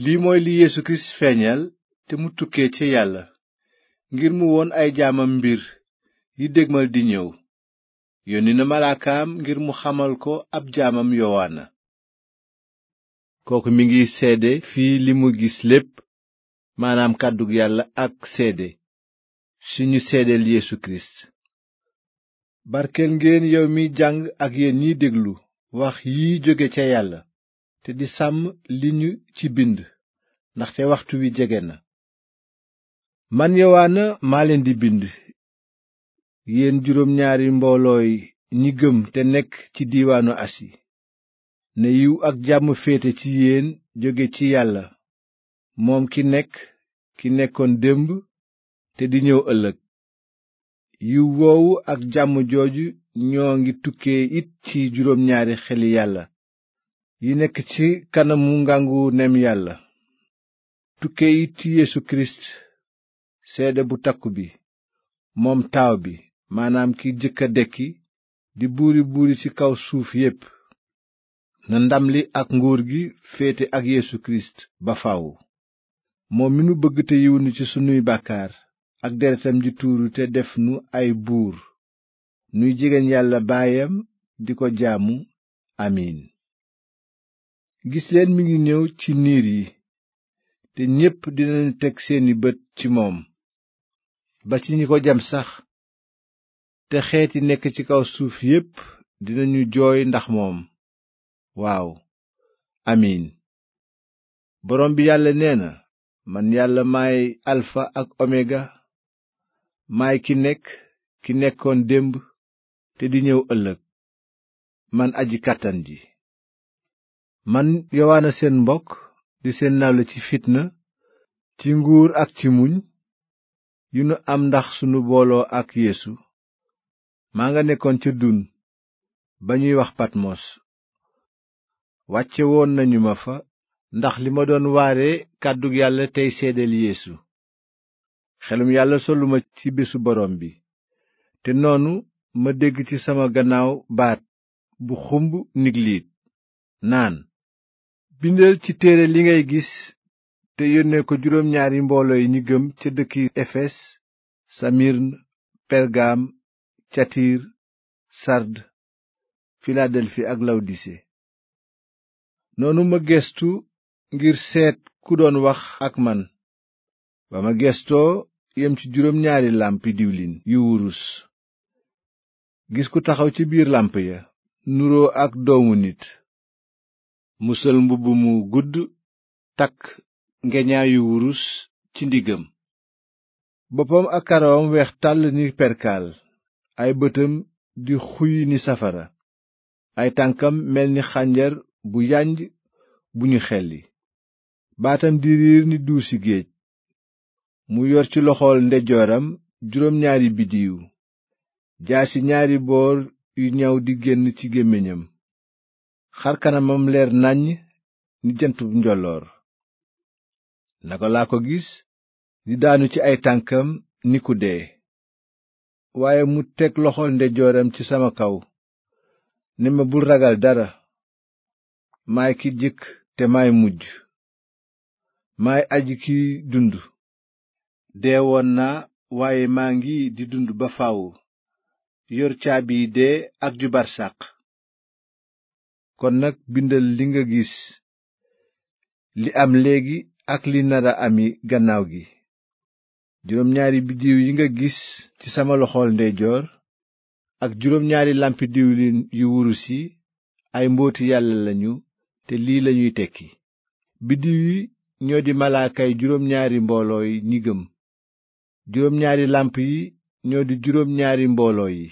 lii mooy li Yeesu Kirist feeñal te mu tukkee ci yàlla ngir mu woon ay jaamam mbir yi dégmal di ñëw yónni na malaakaam ngir mu xamal ko ab jaamam yowaana kooku mi ngi seede fii li mu gis lépp maanaam kàddu yàlla ak seede suñu ñu seedeel Yeesu Kirist barkeel ngeen yow mi jàng ak yéen ñiy déglu wax yi jóge ca yàlla te di sàmm li ñu ci bind ndaxte waxtu wi jege na man yowaana maa leen di bind yéen juróom ñaari mboolooy ñi gëm te nekk ci diiwaanu asi ne yiw ak jàmm féete ci yéen jóge ci yàlla moom ki nekk ki nekkoon démb te di ñëw ëllëg yiw woowu ak jàmm jooju ñoo ngi tukkee it ci juróom ñaari xeli yàlla yi nekk ci kanamu ngangu nem yàlla tukkee it ci Yeesu Kirist seede bu takku bi moom taaw bi maanaam ki jëkka dekki di buuri buuri ci kaw suuf yépp na ndam li ak nguur gi féete ak Yeesu Kirist ba faw moom mi nu bëgg te yiw ci sunuy bàkkaar ak deretam ji tuuru te def nu ay buur nuy jegeen yàlla baayam di ko jaamu amiin gis leen mi ngi ñëw ci niir yi te ñépp dinañu teg seeni bët ci moom ba ci ñi ko jam sax te xeet yi nekk ci kaw suuf yépp dinañu jooy ndax moom waaw amiin boroom bi yàlla nee na man yàlla maay alfa ak omega maay ki nekk ki nekkoon démb te di ñëw ëllëg man aji kàttan ji man yowaana seen mbokk di seen nawle ci fitna ci nguur ak ci muñ yu nu am ndax sunu booloo ak yéesu maa nga nekkoon ca dun ba ñuy wax Patmos wàcce woon nañu ma fa ndax li ma doon waare kàddug yàlla tey seedeel yéesu xelum yàlla soluma ci bésu borom bi te noonu ma dégg ci sama gannaaw baat bu xumb nigliit naan bindal ci téere li ngay gis te yónnee ko juróom ñaari mbooloo yi ñi gëm ca dëkk efes samirn pergaam catiir sard filadelfi ak lawdise noonu ma gestu ngir seet ku doon wax ak man ba ma gestoo yem ci juróom ñaari làmpi diwlin yu wurus gis ku taxaw ci biir làmp ya nuroo ak doomu nit mu sol mbubb mu gudd takk ngeñaayu wurus ci ndiggam boppam ak karawam weex tàll ni perkaal ay bëtam di xuy ni safara ay tànkam mel ni xànjar bu yanj bu ñu xelli baatam di riir ni duusi géej mu yor ci loxool ndeyjooram juróom ñaari biddiiw jaasi ñaari boor yu ñaw di génn ci gémmiñam xar kanamam leer nàññ ni jant bu njolloor naka laa ko gis di daanu ci ay tànkam ni ku dee waaye mu teg loxo ndeyjooram ci sama kaw ne ma bul ragal dara maay ki jëkk te maay mujj maay aji ki dund dee woon naa waaye maa ngi di dund ba faw yor caabi dee ak ju barsàq kon nag bindal li nga gis li am léegi ak li nara ami gannaaw gi juróom ñaari biddiw yi nga gis ci sama loxol ndeyjoor ak juróom ñaari làmpi diwlin yu wurus yi ay mbooti yàlla lañu te lii lañuy tekki biddiw yi ñoo di malaakay juróom ñaari mbooloo yi ñi gëm juróom ñaari làmp yi ñoo di juróom ñaari mbooloo yi